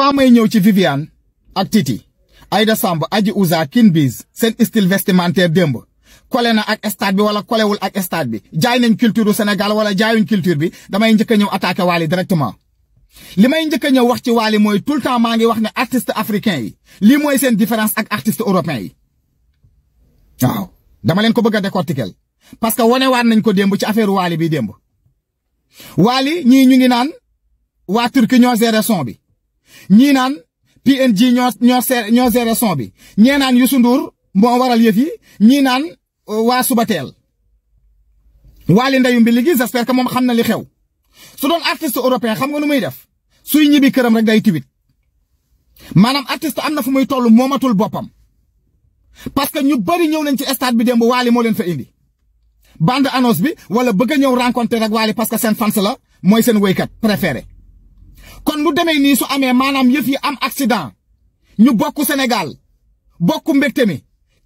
avant may ñëw ci Viviane ak Titi da Samb Aji Ouza Queen Biz seen style vestimentaire démb kole na ak stade bi wala kolewul ak stade bi jaay nañ culture Sénégal wala jaayuñ culture bi damay njëkk a ñëw attaqué Wally directement li may njëkk a wax ci Wally mooy tout le temps maa ngi wax ne artiste africain yi lii mooy seen différence ak artiste européen yi waaw dama leen ko bëgg a décortiquer parce que wanewaat nañ ko démb ci affaire Wally bi démb Wally ñii ñu ngi naan waa Turquie ñoo bi ñii naan PNG ñoo ñoo se ñoo géré bi ñee naan Youssou moo waral yëf yi ñii naan euh, waa Subateel waali ndeyum bi ligi j'espère que moom xam na li xew su doon artiste européen xam nga nu muy def suy ñibbi këram rek day tiwit maanaam artiste am na fu muy toll moomatul boppam parce que ñu bari ñëw nañ ci stade bi dem démb waali moo leen fa indi bande annonce bi wala bëgg a ñëw rencontré rek waali parce que seen fans la mooy seen woykat préféré kon mu demee nii su amee maanaam yëf yi am accident ñu bokk Sénégal bokku mbégte mi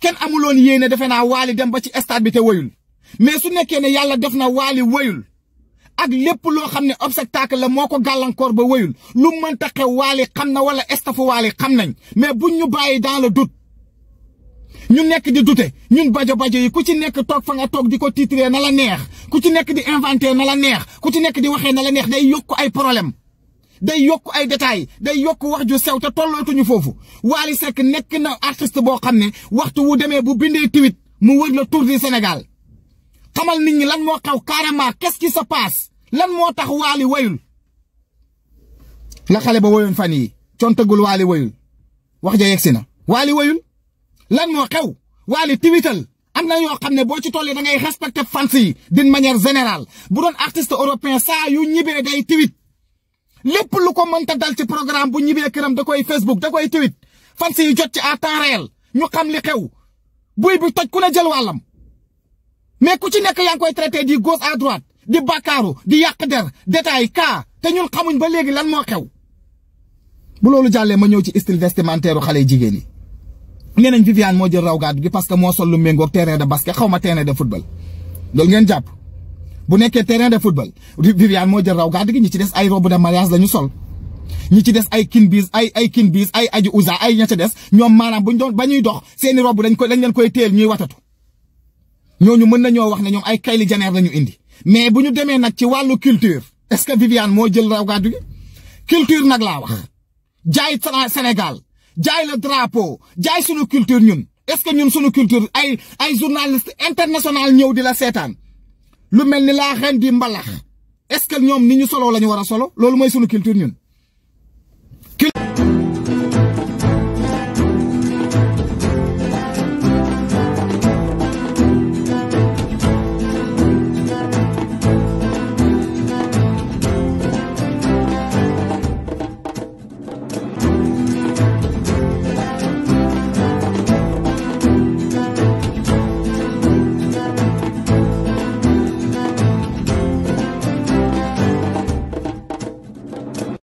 kenn amuloon yéene defe naa waali dem ba ci stade bi te woyul mais su nekkee ne yàlla def na waali woyul ak lépp loo xam ne obstacle la moo ko gàllankoor ba woyul lu mënta xew waali xam na wala estafu waali xam nañ mais buñ ñu bàyyi dans le doute ñu nekk di dute ñun bajo bajo yi ku ci nekk toog fa nga toog di ko titré na la neex ku ci nekk di inventé na la neex ku ci nekk di waxee na la neex day yokk ay problème day yokk ay détails day yokk wax ju sew te tollootuñu foofu Wally Seck nekk na artiste boo xam ne waxtu wu demee bu bindee tiwit mu wër la tour du Sénégal nit ñi lan moo xaw carrément qu'est-ce qui se passe lan moo tax Wally wayul la xale ba woyoon fan yi contagul Wally wayul wax ja yegsi na Wally wayul lan moo xew Wally tiwital am na yoo xam ne boo ci tollee da ngay respecté fans yi d'une manière générale bu doon artiste européen saa yu ñibee day tiwit lépp lu ko mënta dal ci programme bu ñibbee këram da koy Facebook da koy tweet fans yi jot ci à temps réel ñu xam li xew buy bu toj ku ne jël wàllam mais ku ci nekk yaa ngi koy traité di gauche à droite di bàkkaaru di yàq der détail kaa te ñun xamuñ ba léegi lan moo xew. bu loolu jàllee ma ñëw ci style vestimentaire xale jigéen yi nee nañ Viviane moo jël raw gàddu gi parce que moo sol lu méngoog terrain de basket xaw ma terrain de football loolu ngeen jàpp. bu nekkee terrain de football Viviane moo jël raw gàddu gi ñi ci des ay robe de mariage la ñu sol. ñi ci des ay kin biis ay ay kin biis ay aju ay ña ca des ñoom maanaam buñ doon ba ñuy dox seeni robe dañ ko dañ leen koy teel ñuy watatu ñooñu mën nañoo wax ne ñoom ay Kylie Jenner la ñu indi. mais bu ñu demee nag ci wàllu culture est-ce que Viviane moo jël raw gàddu gi culture nag laa wax jaay Sénégal jaay le drapeau jaay sunu culture ñun est-ce que ñun sunu culture ay ay journaliste international ñëw di la seetaan. lu mel ni laaxeen di mbalax est-ce que ñoom ni ñu solo la ñu war a solo loolu mooy sunu culture